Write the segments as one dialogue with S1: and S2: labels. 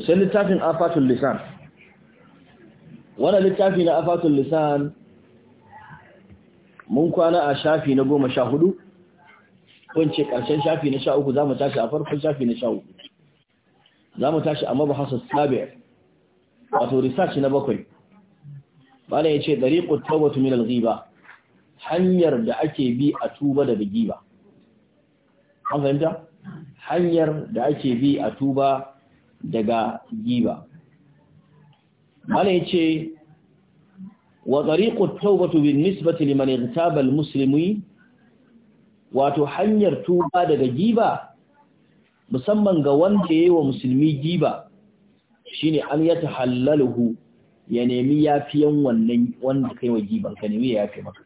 S1: sai littafin afatul lisan wannan littafi na afatul lisan mun kwana a shafi na goma sha hudu kunce karshen shafi na sha uku za mu tashi a farkon shafi na sha uku za mu tashi a mabahasa sabi wato research na bakwai bala ya ce dari taubatu min al hanyar da ake bi a tuba da bigiba an fahimta hanyar da ake bi a tuba daga giba Malai ce, wa tariqu taubatu bin nisbati liman irtaba musulmi, wato hanyar tuba daga giba musamman ga wanda ya yi wa musulmi giba ne an halaluhu ya nemi yafiyan wannan wanda kai wa giban ka nemi ya yafi maka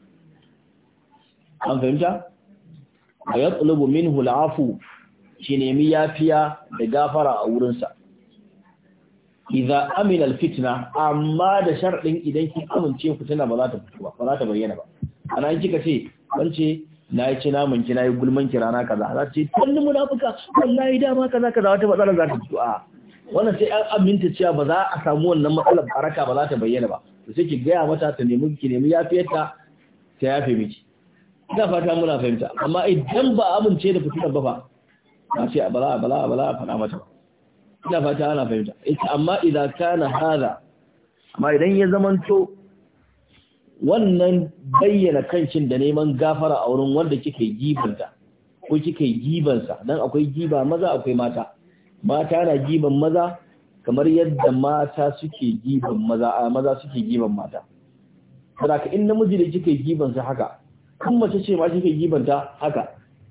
S1: an fahimta wa yatlubu minhu shi nemi yafiya da gafara a wurinsa idza amina alfitna amma da sharadin idan kin amince fitina ba za ta fito ba ba za ta bayyana ba ana kika ce wance na yi ci naman ki na yi gulman ki rana kaza za ce tallin munafuka wallahi dama kaza kaza wata matsala za ta fito a wannan sai an aminta cewa ba za a samu wannan matsalar baraka ba za ta bayyana ba to sai ki gaya mata ta nemi ki nemi yafiyarta ta yafe miki ina fata muna fahimta amma idan ba amince da fitinar ba fa ba ce a bala a bala a faɗa mata ba ina fata ana fahimta ita amma idan kana hada amma idan ya zamanto wannan bayyana kancin da neman gafara a wurin wanda kike gibanta ko kike gibansa dan akwai giba maza akwai mata mata na giban maza kamar yadda mata suke giban maza a maza suke giban mata saboda in namiji da kike gibansa haka kun mace ce ma kike gibanta haka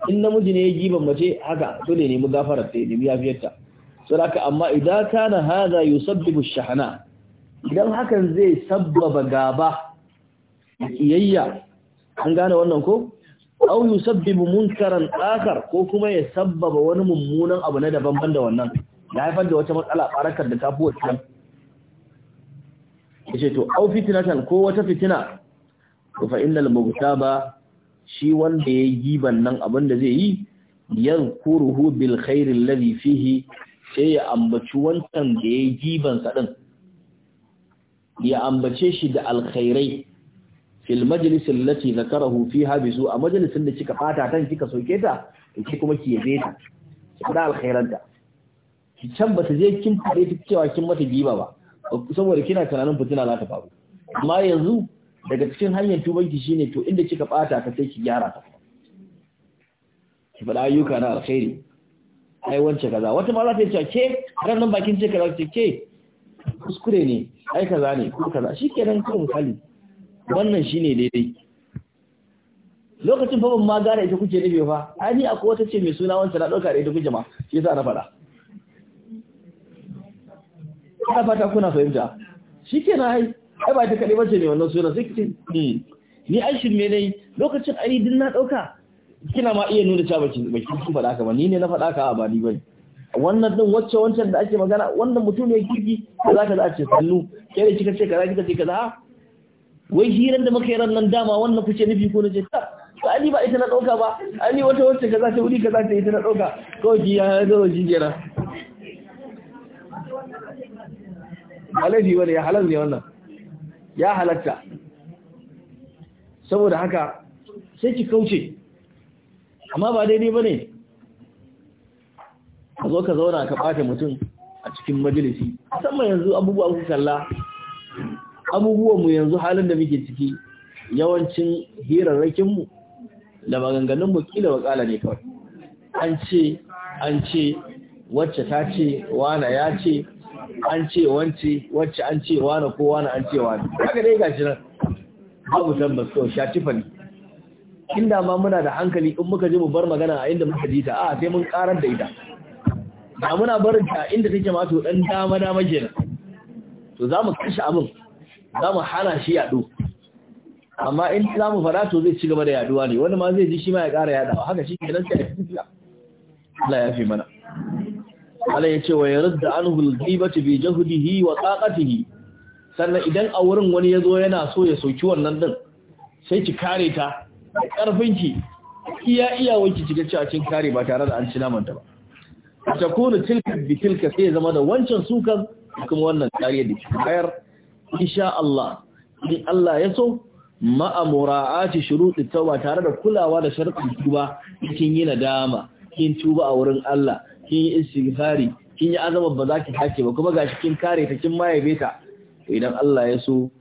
S1: in namiji ne ya giban mace haka dole ne mu gafara sai da biyafiyarta saraka amma idan kana hada yusabbibu shahana idan hakan zai sabbaba gaba kiyayya an gane wannan ko aw yusabbibu munkaran akhar ko kuma ya sabbaba wani mummunan abu na daban da wannan ya haifar da wata matsala barakar da ta fi wata yace to aw fitnatan ko wata fitina to fa innal mubtaba shi wanda yayi giban nan abin da zai yi kuruhu bil khairi alladhi fihi sai ya ambaci wancan da ya yi gibansa ɗin ya ambace shi da alkhairai fil majalisin lati zakarahu fi habisu a majalisin da kika fata kan kika soke ta ki kuma ki yabe ta ki fada alkhairanta ki can ba ta je kin fare ta cewa kin mata giba ba saboda kina tunanin fitina za ta faru amma yanzu daga cikin hanyar tubanki shine to inda kika bata ka sai ki gyara ta ki fada ayyuka na alkhairi ai wance kaza wata ma za ta ce ke ran nan bakin ce kaza ce ke kuskure ne ai kaza ne ko kaza shikenan kawai misali wannan shine daidai lokacin fa ban ma gane ita kuke nufi fa ai ni akwai wata ce mai suna wancan na dauka da ita kuke ma shi yasa na faɗa ina fata kuna fahimta shikenan ai ai ba ta kaɗai bace ne wannan suna sai ki hmm, ni ai me ne lokacin ai din na dauka kina ma iya nuna cewa baki baki kun faɗa ka ba ni ne na faɗa ka ba ni bane wannan din wacce wancan da ake magana wannan mutum ne kirki za ka za a ce sannu ke da kika ce kaza kika ce kaza wai hiran da muka yi ran nan dama wannan kuce nufi ko na ce ta to ali ba ita na dauka ba ali wata wacce kaza ta wuri kaza ta ita na dauka kawai ji ya zo ji jira alaji wani ya halal ne wannan ya halatta saboda haka sai ki kauce amma ba daidai ba ne ka zo ka zauna ka ɓata mutum a cikin majalisi musamman yanzu abubuwan ku kalla abubuwanmu yanzu halin da muke ciki yawancin hirarrakinmu da maganganunmu kila ƙala ne kawai an ce an ce wacce ta ce wana ya ce an ce wance wacce an ce wana ko wana an ce wana haka dai gashi nan babu tabbas kawai shatifa ne inda ma muna da hankali in muka ji mu bar magana a inda muka ji ta a sai mun karar da ita da muna barin ta inda take ma to dan dama dama kenan to za mu abin za mu hana shi yaɗo amma in za mu fara to zai ci gaba da yaduwa ne wani ma zai ji shi ma ya ƙara yadawa, haka shi kenan sai ya Allah ya fi mana Allah ya ce wa yarda anhu al-ghibati bi jahdihi wa taqatihi sannan idan a wurin wani ya zo yana so ya soki wannan din sai ki kare ta da ƙarfinki iya iyawanki cikin kare ba tare da an ci namanta ba ta kuna tilka bi tilka sai zama da wancan sukan kuma wannan kariya da ke bayar insha Allah in Allah ya so ma'a mura'ati shuruti tauba tare da kulawa da sharuɗin tuba kin yi nadama kin tuba a wurin Allah kin yi istighfari kin yi azaba ba za ki hake ba kuma gashi kin kare ta kin mayabe ta idan Allah ya so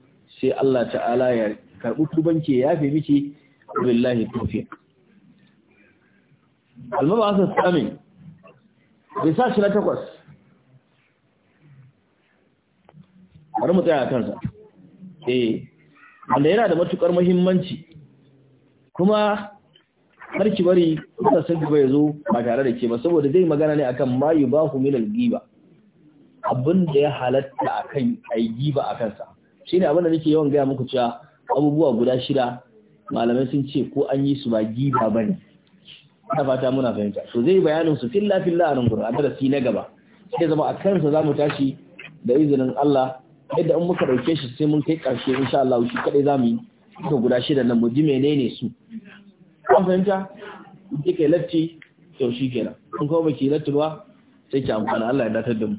S1: sai Allah ta'ala ya karɓi tubanki ya yafe miki billahi tawfiq al-mab'ath al-thamin research na takwas bari mu tsaya kansa eh wanda yana da matukar muhimmanci kuma ki bari kusa sai bai zo ba tare da ke ba saboda zai magana ne akan ma yubahu min al-ghiba abin da ya halatta akan ai giba akan sa shine abin da nake yawan gaya muku cewa abubuwa guda shida malamai sun ce ko an yi su ba giba ba ne ta fata muna fahimta to zai bayanin su filla filla a nan gurin a darasi na gaba sai zama a kansa za mu tashi da izinin Allah yadda in muka ɗauke shi sai mun kai ƙarshe insha Allah shi kaɗai za mu yi duka guda shida nan mu ji menene su an fahimta in yi latti to shi kenan kun kuma baki latti ba sai ki amfana Allah ya datar da mu